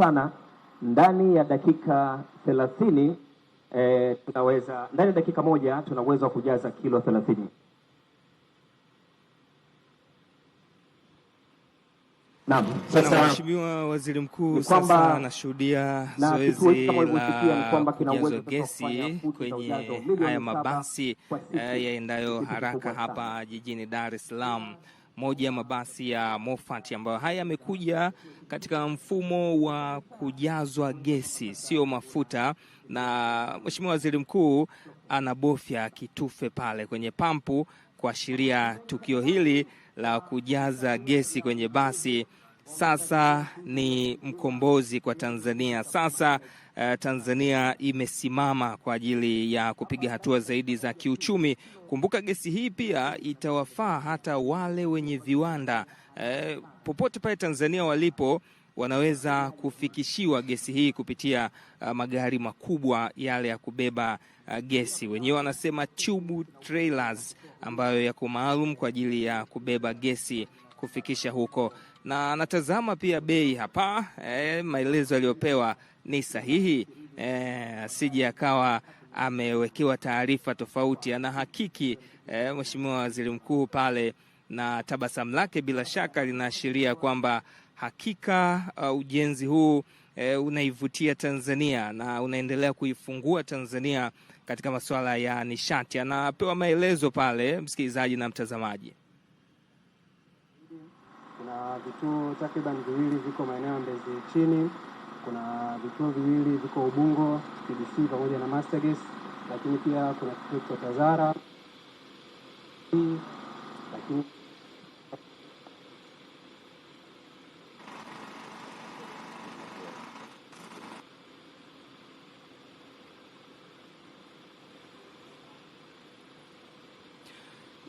sana ndani ya dakika thelathini e, tunaweza ndani ya dakika moja tuna uwezo wa kujaza kilo thelathini. sasa Mheshimiwa Waziri Mkuu, sasa anashuhudia zoezi la kujaza gesi kwenye haya mabasi eh, yaendayo haraka hapa jijini Dar es Salaam moja ya mabasi ya Moffat ambayo haya yamekuja katika mfumo wa kujazwa gesi, sio mafuta, na Mheshimiwa Waziri Mkuu anabofya kitufe pale kwenye pampu kuashiria tukio hili la kujaza gesi kwenye basi sasa ni mkombozi kwa Tanzania. Sasa uh, Tanzania imesimama kwa ajili ya kupiga hatua zaidi za kiuchumi. Kumbuka gesi hii pia itawafaa hata wale wenye viwanda uh, popote pale Tanzania walipo wanaweza kufikishiwa gesi hii kupitia uh, magari makubwa yale ya kubeba uh, gesi. Wenyewe wanasema tube trailers, ambayo yako maalum kwa ajili ya kubeba gesi kufikisha huko na anatazama pia bei hapa e, maelezo aliyopewa ni sahihi eh, asije akawa amewekewa taarifa tofauti. Anahakiki e, eh, Mheshimiwa Waziri Mkuu pale, na tabasamu lake bila shaka linaashiria kwamba hakika uh, ujenzi huu e, unaivutia Tanzania na unaendelea kuifungua Tanzania katika masuala ya nishati. Anapewa maelezo pale msikilizaji na mtazamaji vituo takriban viwili viko maeneo ya Mbezi chini, kuna vituo viwili viko Ubungo TBC pamoja na Masterges, lakini pia kuna kituo cha Tazara lakini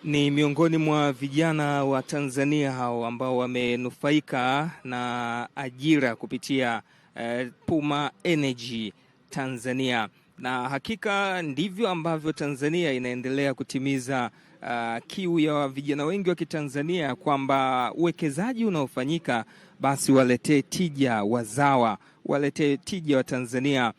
Ni miongoni mwa vijana wa Tanzania hao ambao wamenufaika na ajira kupitia eh, Puma Energy Tanzania, na hakika ndivyo ambavyo Tanzania inaendelea kutimiza uh, kiu ya vijana wengi wa Kitanzania kwamba uwekezaji unaofanyika basi waletee tija wazawa, waletee tija wa Tanzania